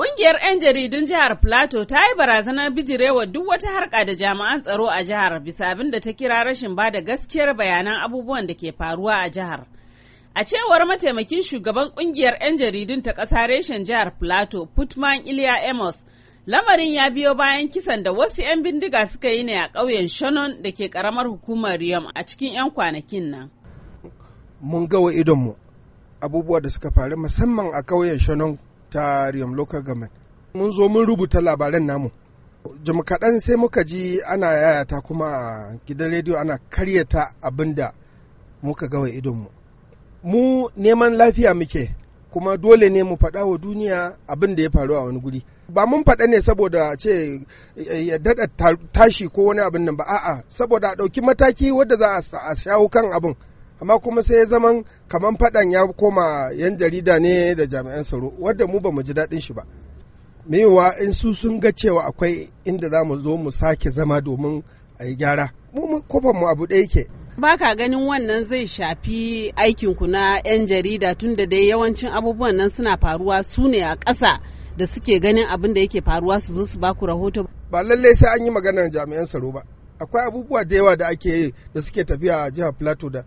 Ƙungiyar 'yan jaridun jihar Plateau ta yi barazanar bijirewa duk wata harka da jami'an tsaro a jihar bisa abin da ta kira rashin ba da gaskiyar bayanan abubuwan da ke faruwa a jihar. A cewar mataimakin shugaban ƙungiyar 'yan jaridun ta ƙasa reshen jihar Plateau, Putman Iliya Amos, lamarin ya biyo bayan kisan da wasu 'yan bindiga suka yi ne a ƙauyen Shannon da ke ƙaramar hukumar Riyam a cikin 'yan kwanakin nan. Mun gawa idonmu abubuwa da suka faru musamman a ƙauyen Shannon ta Riyam Local Government. Mun zo mun rubuta labaran namu. Jim kaɗan sai muka ji ana yayata kuma a gidan rediyo ana karyata abin da muka gawa idonmu. Mu neman lafiya muke kuma dole ne mu faɗa wa duniya abin da ya faru a wani guri. Ba mun faɗa ne saboda ce ya daɗa tashi ko wani abin nan ba a'a saboda a ɗauki mataki wadda za a shawo kan abin. amma kuma sai ya zaman kamar faɗan ya koma yan jarida ne da jami'an tsaro wadda mu ba mu ji daɗin shi ba mewa in su sun ga cewa akwai inda za mu zo mu sake zama domin a yi gyara mu kofar mu abu ɗaya yake ba ka ganin wannan zai shafi aikinku na 'yan jarida tun da dai yawancin abubuwan nan suna faruwa su ne a ƙasa da suke ganin abin da yake faruwa su zo su ba ku rahoto ba lallai sai an yi maganar jami'an tsaro ba akwai abubuwa da yawa da ake yi da suke tafiya a jihar plateau da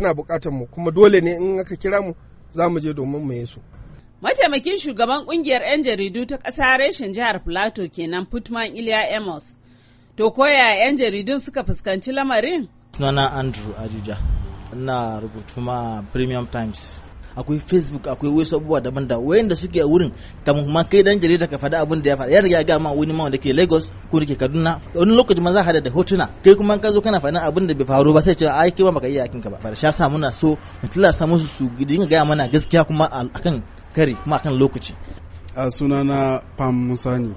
tana bukatar mu kuma dole ne in aka kira mu za mu je domin mu yi su mataimakin shugaban kungiyar 'yan jaridu ta ƙasa reshen jihar plateau kenan putman iliya amos to koya 'yan jaridun suka fuskanci lamarin sunana andrew ajija na rubutu ma premium times akwai facebook akwai wasu abubuwa daban da wayanda suke a wurin ta ma kai dan jarida ka faɗi abin da ya faɗa ya riga ga ma wani ma wanda ke lagos ko da ke kaduna wani lokaci ma za hada da hotuna kai kuma ka zo kana faɗin abin da bai faru ba sai ce ai kai ma baka iya yakin ka ba farsha sa muna so mu sa musu su dinga gaya mana gaskiya kuma akan kare kuma akan lokaci a sunana pam musani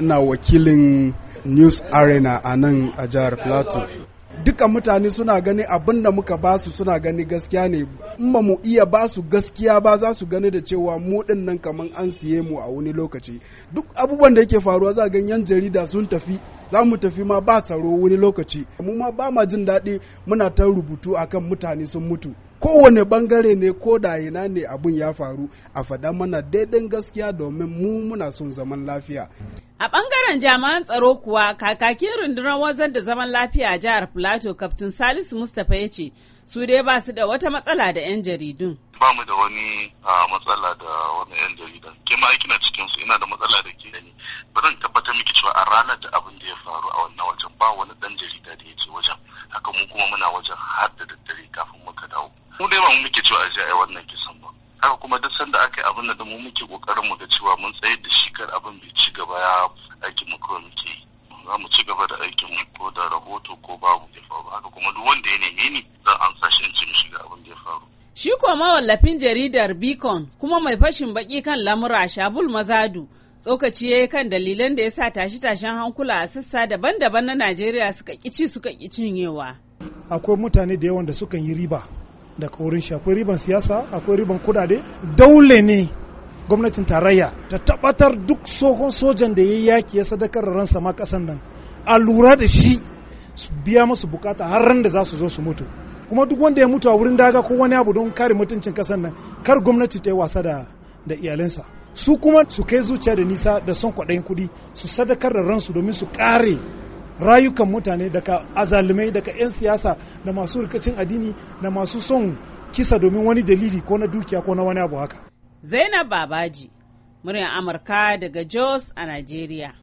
ina wakilin news arena a nan a jihar plateau dukkan mutane suna gani abin da muka ba su suna gani gaskiya ne in ba mu iya ba su gaskiya ba za su gani da cewa mu din nan kaman an siye mu a wani lokaci duk abubuwan da yake faruwa za gan yan jarida sun tafi za mu tafi ma ba tsaro wani lokaci mu ma ba ma jin daɗi muna ta rubutu akan mutane sun mutu kowane bangare ne ko da ina ne abun ya faru a faɗa mana daidai gaskiya domin mu muna son zaman lafiya A bangaren jami'an tsaro kuwa kakakin rundunar wanzar da zaman lafiya a jihar Filato Kaftin Salisu Mustapha ya ce su dai ba su da wata matsala da 'yan jaridun. Ba mu da wani matsala da wani 'yan jaridun Ke cikin ina da matsala da ke gani. Bari tabbatar miki cewa a ranar da mutane da yake wajen haka mu kuma muna wajen har da daddare kafin muka dawo mu dai ba mu muke cewa aje ai wannan kisan ba haka kuma duk sanda aka yi abin da mu muke kokarin mu ga cewa mun tsayar da shi kar abin bai ci gaba ya aikin mu kawai muke yi za mu ci gaba da aikin mu ko da rahoto ko babu ya faru haka kuma duk wanda ya neme ni zan amsa shi in ci mishi ga abin da ya faru Shi kuma mawallafin jaridar Beacon kuma mai fashin baki kan lamura Shabul Mazadu tsokaci ya yi kan dalilan da ya sa tashi tashen hankula a sassa daban-daban na najeriya suka kici suka cinyewa akwai mutane da yawan da sukan yi riba daga wurin shi akwai riban siyasa akwai riban kudade daule ne gwamnatin tarayya ta tabbatar duk tsohon sojan da ya yaki ya sadakar ransa ma kasan nan a lura da shi su biya masu bukata har ran da za su zo su mutu kuma duk wanda ya mutu a wurin daga ko wani abu don kare mutuncin kasan nan kar gwamnati ta yi wasa da iyalansa su kuma su kai zuciya da nisa da son kwaɗayin kuɗi su sadakar da ransu domin su ƙare rayukan mutane daga azalumai daga 'yan siyasa da masu rikicin addini da masu son kisa domin wani dalili ko na dukiya ko na wani abu haka. Zainab Babaji, muryar Amurka daga Jos a Najeriya.